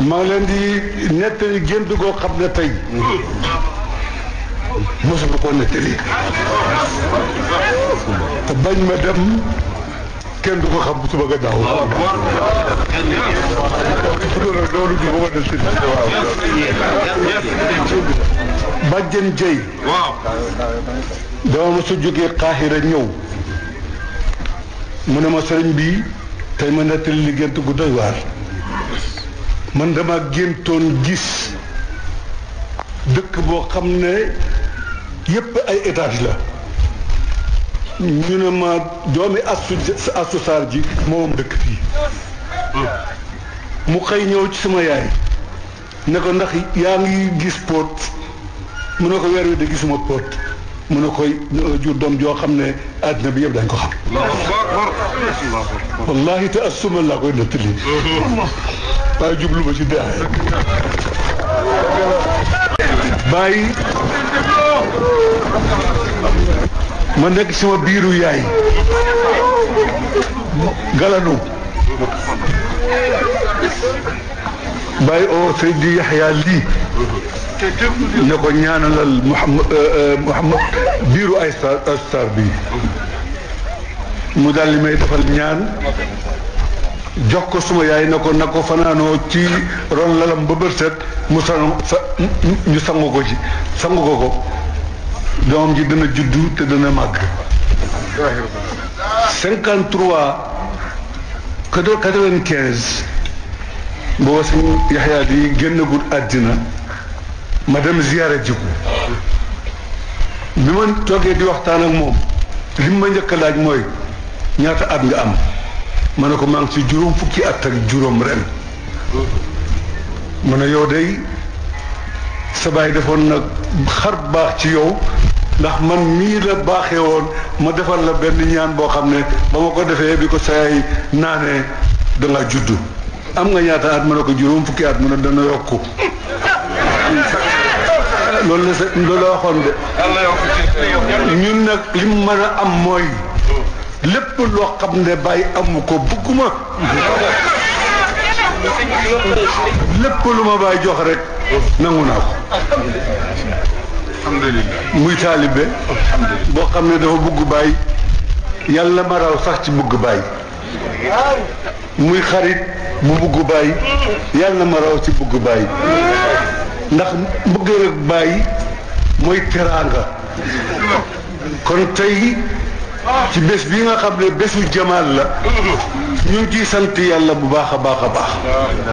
ma leen di nettali gént goo xam ne tey mosuma ko nettali te bañ ma dem kenn du xam suba nga daaw. ma ko nettali. bàjjen dama mos a jógee Qahira ñëw mu ne ma sëriñ bi tey ma nettali li gént gu doy waar. man dama géntoon gis dëkk boo xam ne yépp ay étage la ñu ne ma doomi asu asu saar ji moom dëkk fii mu xëy ñëw ci sama yaay ne ko ndax yaa ngi gis póot mu ne ko weer wi gisuma póot mu ne koy jur doom joo xam ne àddina bi yëpp dañ ko xam wallahi te assuma laa koy nettali waaye ma ci dara bàyyi ma nekk sama biiru yaay galanu bàyyi oo sëñ di yaxyaa lii ne ko ñaanalal Mouhamad ay star mu daal li ñaan jox ko suma yaay na ko na ko fanaanoo ci ron lalam ba bërset mu san sa ñu sangu ko ci sangu ko ko doom ji dana juddu te dana màgg cinquante trois quatre-vingt-quinze booba àddina ma dem ziyaara ji ko bi ma toogee di waxtaan ak moom li ma njëkk laaj mooy ñaata at nga am ma ne ko maa ngi ci juróom fukki at ak juróom ren ma ne yow day sa baay defoon nag xar baax ci yow ndax man mii la baaxee woon ma defal la benn ñaan boo xam ne ba ma ko defee bi ko saay naanee da nga juddu am nga ñaata at ma ne ko juróom fukki at mu ne dana yokku loolu la sa loolu la waxoon de ñun nag li mu mën a am mooy lépp loo xam ne bàyyi amu ko bëgguma lépp lu ma bàyyi jox rek nangu naa ko muy taalibe boo xam ne dafa bëgg bàyyi yàlla ma raw sax ci bugg bàyyi muy xarit bu bëgg bàyyi yàlla ma raw ci bëgg bàyyi ndax bëgg bàyyi mooy teraanga kon tey ci bés bi nga xam ne bésu jamaal la mm-hmm. ñu ngi ciy sant yàlla bu baax a baax a baax